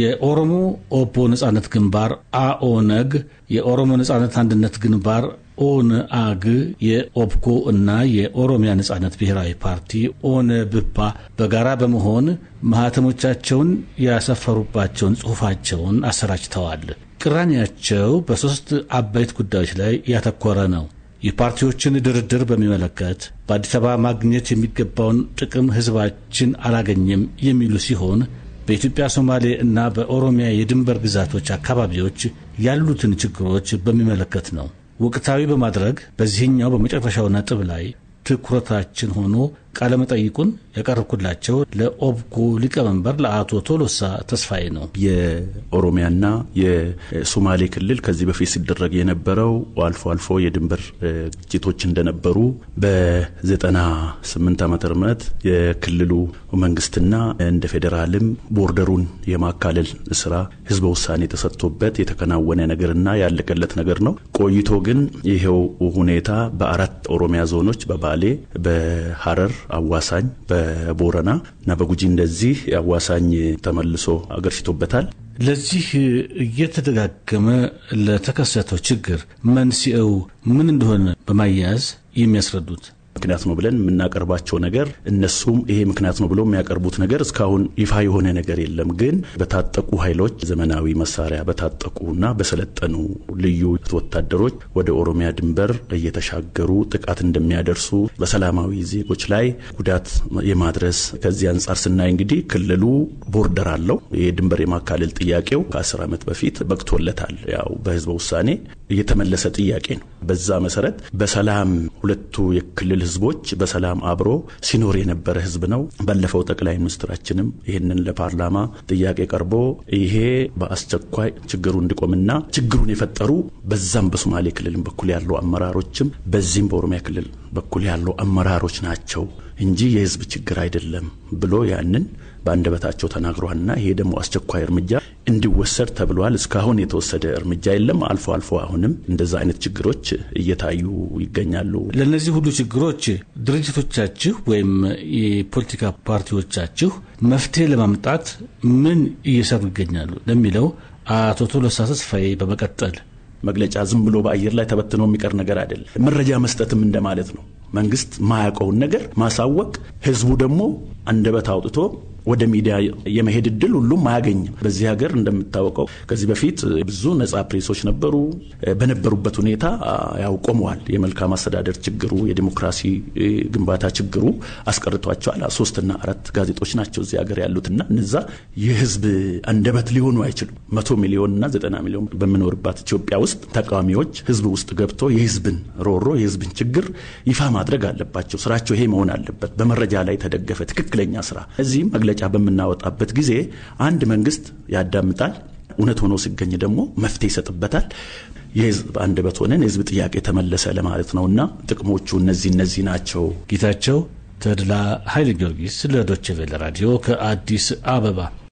የኦሮሞ ኦቦ ነጻነት ግንባር አኦነግ፣ የኦሮሞ ነጻነት አንድነት ግንባር ኦንአግ፣ የኦብኮ እና የኦሮሚያ ነጻነት ብሔራዊ ፓርቲ ኦነብፓ በጋራ በመሆን ማህተሞቻቸውን ያሰፈሩባቸውን ጽሑፋቸውን አሰራጭተዋል። ቅራኔያቸው በሦስት አበይት ጉዳዮች ላይ ያተኮረ ነው። የፓርቲዎችን ድርድር በሚመለከት በአዲስ አበባ ማግኘት የሚገባውን ጥቅም ሕዝባችን አላገኘም የሚሉ ሲሆን በኢትዮጵያ ሶማሌ እና በኦሮሚያ የድንበር ግዛቶች አካባቢዎች ያሉትን ችግሮች በሚመለከት ነው። ወቅታዊ በማድረግ በዚህኛው በመጨረሻው ነጥብ ላይ ትኩረታችን ሆኖ ቃለመጠይቁን ያቀረብኩላቸው ለኦብኮ ሊቀመንበር ለአቶ ቶሎሳ ተስፋዬ ነው። የኦሮሚያና የሶማሌ ክልል ከዚህ በፊት ሲደረግ የነበረው አልፎ አልፎ የድንበር ግጭቶች እንደነበሩ በ98 ዓመተ ምህረት የክልሉ መንግስትና እንደ ፌዴራልም ቦርደሩን የማካለል ስራ ህዝበ ውሳኔ ተሰጥቶበት የተከናወነ ነገርና ያለቀለት ነገር ነው። ቆይቶ ግን ይሄው ሁኔታ በአራት ኦሮሚያ ዞኖች በባሌ፣ በሐረር አዋሳኝ በቦረና እና በጉጂ እንደዚህ አዋሳኝ ተመልሶ አገርሽቶበታል። ለዚህ እየተደጋገመ ለተከሰተው ችግር መንስኤው ምን እንደሆነ በማያያዝ የሚያስረዱት ምክንያት ነው ብለን የምናቀርባቸው ነገር እነሱም ይሄ ምክንያት ነው ብሎ የሚያቀርቡት ነገር እስካሁን ይፋ የሆነ ነገር የለም። ግን በታጠቁ ኃይሎች ዘመናዊ መሳሪያ በታጠቁና በሰለጠኑ ልዩ ወታደሮች ወደ ኦሮሚያ ድንበር እየተሻገሩ ጥቃት እንደሚያደርሱ በሰላማዊ ዜጎች ላይ ጉዳት የማድረስ ከዚህ አንጻር ስናይ እንግዲህ ክልሉ ቦርደር አለው። የድንበር የማካለል ጥያቄው ከአስር ዓመት በፊት በቅቶለታል። ያው በህዝበ ውሳኔ የተመለሰ ጥያቄ ነው። በዛ መሰረት በሰላም ሁለቱ የክልል ህዝቦች በሰላም አብሮ ሲኖር የነበረ ህዝብ ነው። ባለፈው ጠቅላይ ሚኒስትራችንም ይህንን ለፓርላማ ጥያቄ ቀርቦ ይሄ በአስቸኳይ ችግሩ እንዲቆምና ችግሩን የፈጠሩ በዛም በሶማሌ ክልልም በኩል ያሉ አመራሮችም በዚህም በኦሮሚያ ክልል በኩል ያሉ አመራሮች ናቸው እንጂ የህዝብ ችግር አይደለም ብሎ ያንን በአንደበታቸው ተናግሯልና ይሄ ደግሞ አስቸኳይ እርምጃ እንዲወሰድ ተብሏል። እስካሁን የተወሰደ እርምጃ የለም። አልፎ አልፎ አሁንም እንደዛ አይነት ችግሮች እየታዩ ይገኛሉ። ለእነዚህ ሁሉ ችግሮች ድርጅቶቻችሁ ወይም የፖለቲካ ፓርቲዎቻችሁ መፍትሄ ለማምጣት ምን እየሰሩ ይገኛሉ ለሚለው አቶ ቶሎሳ ተስፋዬ በመቀጠል መግለጫ ዝም ብሎ በአየር ላይ ተበትኖ የሚቀር ነገር አይደለም። መረጃ መስጠትም እንደማለት ነው። መንግስት ማያውቀውን ነገር ማሳወቅ፣ ህዝቡ ደግሞ አንደበት አውጥቶ ወደ ሚዲያ የመሄድ እድል ሁሉም አያገኝም። በዚህ ሀገር እንደምታወቀው ከዚህ በፊት ብዙ ነጻ ፕሬሶች ነበሩ። በነበሩበት ሁኔታ ያው ቆመዋል። የመልካም አስተዳደር ችግሩ፣ የዲሞክራሲ ግንባታ ችግሩ አስቀርቷቸዋል። ሶስትና አራት ጋዜጦች ናቸው እዚህ ሀገር ያሉትና እነዛ የህዝብ አንደበት ሊሆኑ አይችሉም። መቶ ሚሊዮንና ዘጠና ሚሊዮን በምኖርባት ኢትዮጵያ ውስጥ ተቃዋሚዎች ህዝብ ውስጥ ገብቶ የህዝብን ሮሮ የህዝብን ችግር ይፋ ማድረግ አለባቸው። ስራቸው ይሄ መሆን አለበት። በመረጃ ላይ ተደገፈ ትክክለኛ ስራ እዚህም መግለ መግለጫ በምናወጣበት ጊዜ አንድ መንግስት ያዳምጣል፣ እውነት ሆኖ ሲገኝ ደግሞ መፍትሄ ይሰጥበታል። የህዝብ አንደበት ሆነን የህዝብ ጥያቄ ተመለሰ ለማለት ነውና ጥቅሞቹ እነዚህ እነዚህ ናቸው። ጌታቸው ተድላ ኃይለ ጊዮርጊስ ለዶቼ ቬለ ራዲዮ ከአዲስ አበባ